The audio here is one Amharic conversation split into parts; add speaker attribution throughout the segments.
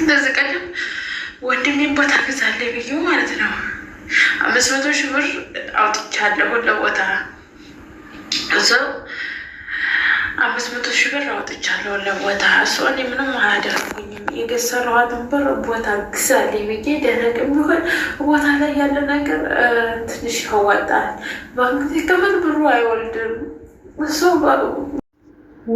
Speaker 1: እንደዚህ ቀደም ወንድሜን ቦታ ግዛለ ብዬ ማለት ነው አምስት መቶ ሺህ ብር አውጥቻለሁ ለቦታ እዛው አምስት መቶ ሺህ ብር አውጥቻለሁ ለቦታ እሱ እኔ ምንም አላደረጉኝም። የገሰረዋት ነበር ቦታ ግዛሌ ብዬ ደረቅ ቢሆን ቦታ ላይ ያለ ነገር ትንሽ ይወጣል። ባንክ ከምን ብሩ አይወልድም እሱ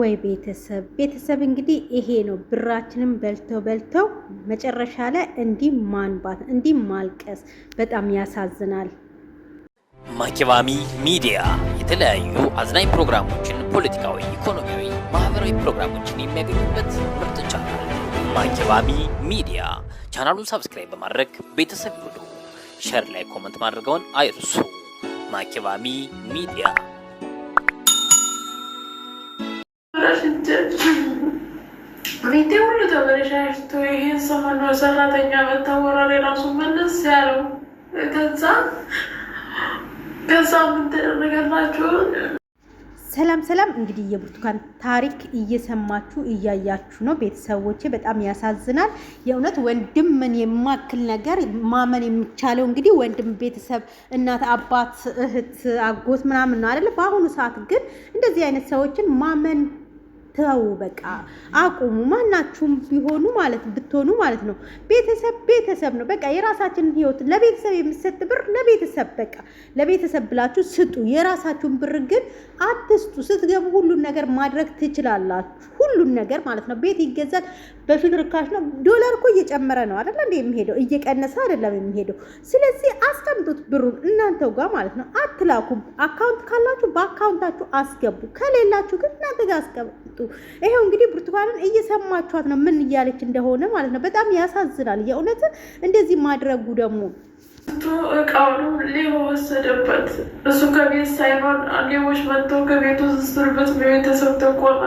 Speaker 2: ወይ ቤተሰብ ቤተሰብ እንግዲህ ይሄ ነው። ብራችንም በልተው በልተው መጨረሻ ላይ እንዲህ ማንባት እንዲህ ማልቀስ በጣም ያሳዝናል።
Speaker 3: ማኪባሚ ሚዲያ የተለያዩ አዝናኝ ፕሮግራሞችን፣ ፖለቲካዊ፣ ኢኮኖሚያዊ፣ ማህበራዊ ፕሮግራሞችን የሚያገኙበት ምርጥ ቻናል ማኪባሚ ሚዲያ። ቻናሉን ሰብስክራይብ በማድረግ ቤተሰብ ይሁኑ። ሸር ላይ ኮመንት ማድረገውን አይርሱ። ማኪባሚ ሚዲያ
Speaker 1: ፊቴ ሁሉ ተበለሻሽቶ ይሄን ሰሞን ሰራተኛ መታወራሪ ራሱ መለስ ያለው ከዛ ከዛ ምን ተደረገላችሁ?
Speaker 2: ሰላም ሰላም። እንግዲህ የብርቱካን ታሪክ እየሰማችሁ እያያችሁ ነው ቤተሰቦቼ። በጣም ያሳዝናል የእውነት ወንድምን የማክል ነገር ማመን የሚቻለው እንግዲህ ወንድም፣ ቤተሰብ፣ እናት፣ አባት፣ እህት፣ አጎት ምናምን ነው አይደለ? በአሁኑ ሰዓት ግን እንደዚህ አይነት ሰዎችን ማመን ተው በቃ አቁሙ። ማናችሁም ቢሆኑ ማለት ብትሆኑ ማለት ነው። ቤተሰብ ቤተሰብ ነው። በቃ የራሳችንን ህይወት ለቤተሰብ የምሰጥ ብር ለቤተሰብ በቃ ለቤተሰብ ብላችሁ ስጡ። የራሳችሁን ብር ግን አትስጡ። ስትገቡ ሁሉን ነገር ማድረግ ትችላላችሁ። ሁሉን ነገር ማለት ነው። ቤት ይገዛል። በፊት ርካሽ ነው። ዶላር እኮ እየጨመረ ነው አይደለ እንደ የሚሄደው እየቀነሰ አይደለም የሚሄደው። ስለዚህ አስቀምጡት ብሩን እናንተው ጋር ማለት ነው። አትላኩም። አካውንት ካላችሁ በአካውንታችሁ አስገቡ፣ ከሌላችሁ ግን እናንተ ጋር አስቀምጡ። ይሄው እንግዲህ ብርቱካንን እየሰማችኋት ነው ምን እያለች እንደሆነ ማለት ነው። በጣም ያሳዝናል የእውነት እንደዚህ ማድረጉ ደግሞ
Speaker 1: ቶ እቃውኑ ሌባ ወሰደበት። እሱ ከቤት ሳይሆን ሌቦች መጥተው ከቤቱ ዝስርበት በቤተሰብ ተቆመ።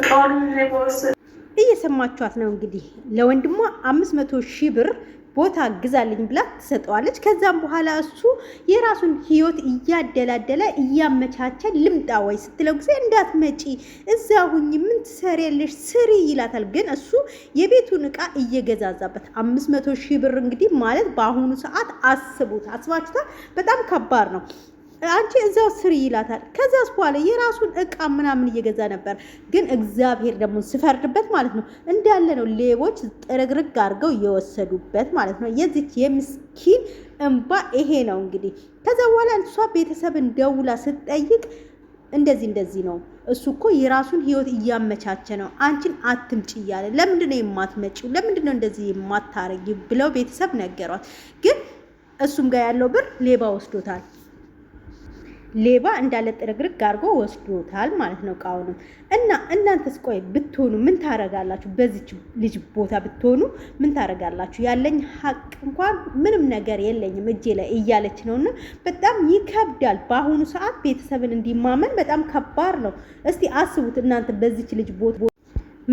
Speaker 1: እቃውኑ ሌባ ወሰደ።
Speaker 2: እየሰማችኋት ነው እንግዲህ ለወንድሟ አምስት መቶ ሺህ ብር ቦታ ግዛልኝ ብላ ትሰጠዋለች። ከዛም በኋላ እሱ የራሱን ህይወት እያደላደለ እያመቻቸ ልምጣ ወይ ስትለው ጊዜ እንዳትመጪ እዛ ሁኝ ምን ትሰሪያለሽ ስሪ ይላታል። ግን እሱ የቤቱን እቃ እየገዛዛበት አምስት መቶ ሺህ ብር እንግዲህ ማለት በአሁኑ ሰዓት አስቡት፣ አስባችሁታል። በጣም ከባድ ነው። አንቺ እዛው ስሪ ይላታል። ከዛስ በኋላ የራሱን እቃ ምናምን እየገዛ ነበር። ግን እግዚአብሔር ደግሞ ስፈርድበት ማለት ነው እንዳለ ነው ሌቦች ጥርግርግ አድርገው የወሰዱበት ማለት ነው። የዚች የምስኪን እንባ ይሄ ነው እንግዲህ። ከዛ በኋላ እሷ ቤተሰብን ደውላ ስትጠይቅ እንደዚህ እንደዚህ ነው እሱ እኮ የራሱን ህይወት እያመቻቸ ነው፣ አንቺን አትምጭ እያለ ለምንድን ነው የማትመጪው? ለምንድን ነው እንደዚህ የማታረጊ? ብለው ቤተሰብ ነገሯት። ግን እሱም ጋር ያለው ብር ሌባ ወስዶታል። ሌባ እንዳለ ጥርግርግ አድርጎ ወስዶታል ማለት ነው እቃውንም። እና እናንተስ ቆይ ብትሆኑ ምን ታረጋላችሁ? በዚች ልጅ ቦታ ብትሆኑ ምን ታረጋላችሁ? ያለኝ ሀቅ እንኳን ምንም ነገር የለኝም እጄ ላይ እያለች ነው። እና በጣም ይከብዳል። በአሁኑ ሰዓት ቤተሰብን እንዲማመን በጣም ከባድ ነው። እስቲ አስቡት እናንተ በዚች ልጅ ቦታ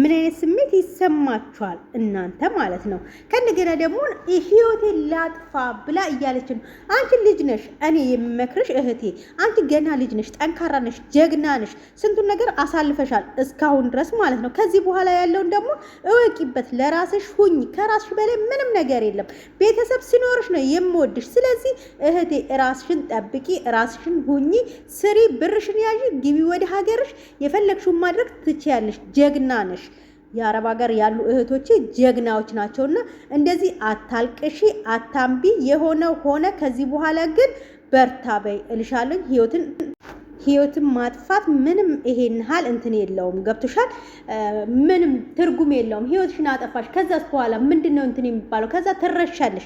Speaker 2: ምን አይነት ስሜት ይሰማችኋል እናንተ ማለት ነው። ከእንደገና ደግሞ ህይወቴን ላጥፋ ብላ እያለች ነው። አንቺ ልጅ ነሽ፣ እኔ የምመክርሽ እህቴ፣ አንቺ ገና ልጅ ነሽ፣ ጠንካራ ነሽ፣ ጀግና ነሽ። ስንቱን ነገር አሳልፈሻል እስካሁን ድረስ ማለት ነው። ከዚህ በኋላ ያለውን ደግሞ እወቂበት፣ ለራስሽ ሁኝ። ከራስሽ በላይ ምንም ነገር የለም። ቤተሰብ ሲኖርሽ ነው የምወድሽ። ስለዚህ እህቴ ራስሽን ጠብቂ፣ ራስሽን ሁኝ፣ ስሪ፣ ብርሽን ያዥ፣ ግቢ ወደ ሀገርሽ፣ የፈለግሽውን ማድረግ ትችያለሽ። ጀግና ነሽ። የአረብ ሀገር ያሉ እህቶቼ ጀግናዎች ናቸው ናቸውና እንደዚህ አታልቅሺ፣ አታምቢ። የሆነ ሆነ። ከዚህ በኋላ ግን በርታ በይ እልሻለኝ። ህይወትን ህይወትን ማጥፋት ምንም ይሄን ሀል እንትን የለውም። ገብቶሻል? ምንም ትርጉም የለውም። ህይወትሽን አጠፋሽ። ከዛ በኋላ ምንድን ነው እንትን የሚባለው? ከዛ ትረሻለሽ።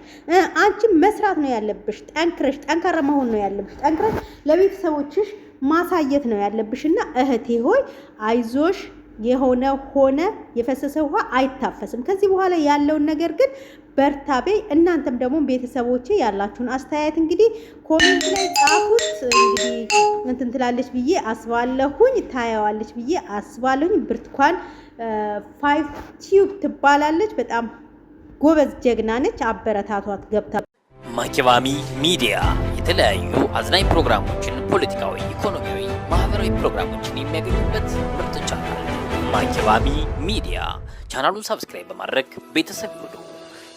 Speaker 2: አንቺ መስራት ነው ያለብሽ። ጠንክረሽ ጠንካራ መሆን ነው ያለብሽ። ጠንክረሽ ለቤተሰቦችሽ ማሳየት ነው ያለብሽ እና እህቴ ሆይ አይዞሽ የሆነ ሆነ የፈሰሰ ውሃ አይታፈስም። ከዚህ በኋላ ያለውን ነገር ግን በርታቤ። እናንተም ደግሞ ቤተሰቦቼ ያላችሁን አስተያየት እንግዲህ ኮሜንት ላይ ጻፉት። እንግዲህ እንትን ትላለች ብዬ አስባለሁኝ፣ ታየዋለች ብዬ አስባለሁኝ። ብርትኳን ፋይቭ ቲዩብ ትባላለች። በጣም ጎበዝ ጀግና ነች። አበረታቷት ገብታ
Speaker 3: ማኪባሚ ሚዲያ የተለያዩ አዝናኝ ፕሮግራሞችን፣ ፖለቲካዊ፣ ኢኮኖሚያዊ፣ ማህበራዊ ፕሮግራሞችን የሚያገኙበት ምርጥ ቻናል ማንጀባቢ ሚዲያ ቻናሉን ሰብስክራይብ በማድረግ ቤተሰብ ሁሉ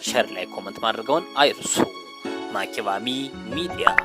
Speaker 3: ሸር ላይ ኮመንት ማድረገውን አይርሱ። ማኪባሚ ሚዲያ